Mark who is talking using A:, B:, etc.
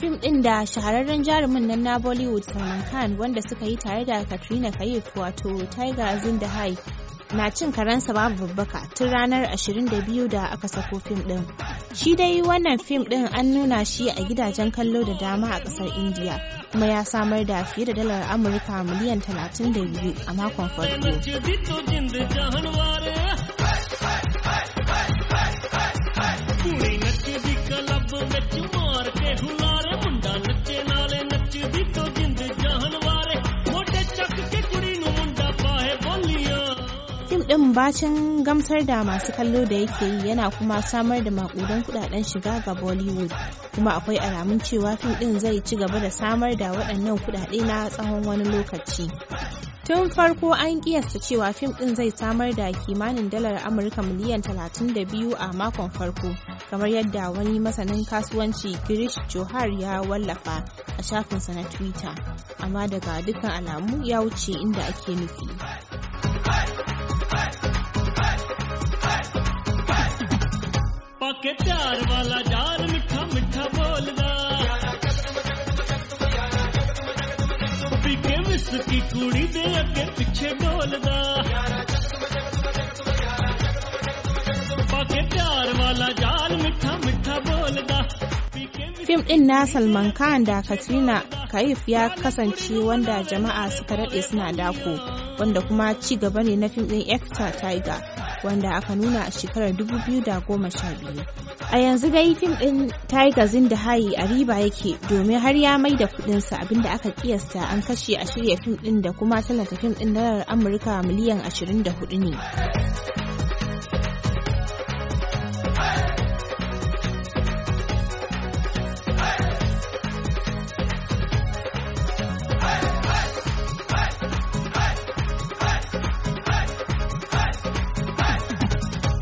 A: fim ɗin da shahararren jarumin nan na bollywood salman khan wanda suka yi tare da katrina kayif wato tiger zindahai na cin karansa babu babbaka tun ranar 22 da aka sako fim ɗin shi dai wannan fim ɗin an nuna shi a gidajen kallo da dama a ƙasar india kuma ya samar da fiye da dalar amurka miliyan 32 a makon farko fim ɗin bacin gamsar da masu kallo da yake yi yana kuma samar da makudan kudaden shiga ga bollywood kuma akwai alamun cewa fim ɗin zai ci gaba da samar da waɗannan kudade na tsawon wani lokaci tun farko an kiyasta cewa fim ɗin zai samar da kimanin dalar amurka miliyan 32 a makon farko kamar yadda wani masanin kasuwanci girish johar ya wallafa a shafinsa na twitter amma daga dukkan alamu ya wuce inda ake nufi. ਕੇ ਪਿਆਰ ਵਾਲਾ ਯਾਰ ਮਿੱਠਾ ਮਿੱਠਾ ਬੋਲਦਾ ਪੀ ਕੇ ਵਿਸ ਕੀ ਕੁੜੀ ਦੇ ਅੱਗੇ ਪਿੱਛੇ ਬੋਲਦਾ ਯਾਰਾ ਡੋਲਦਾ Fim ɗin na Salman Khan da Katrina Kaif ya kasance wanda jama'a suka daɗe suna dako, wanda kuma ci gaba ne na fim ɗin Ekta Tiger, wanda aka nuna a shekarar 2012. A yanzu dai fim ɗin Tiger Zinda Hayi a riba yake domin har ya mai da kuɗinsa abinda aka kiyasta an kashe a shirya fim ɗin da kuma tallata fim ɗin dalar Amurka miliyan 24 ne.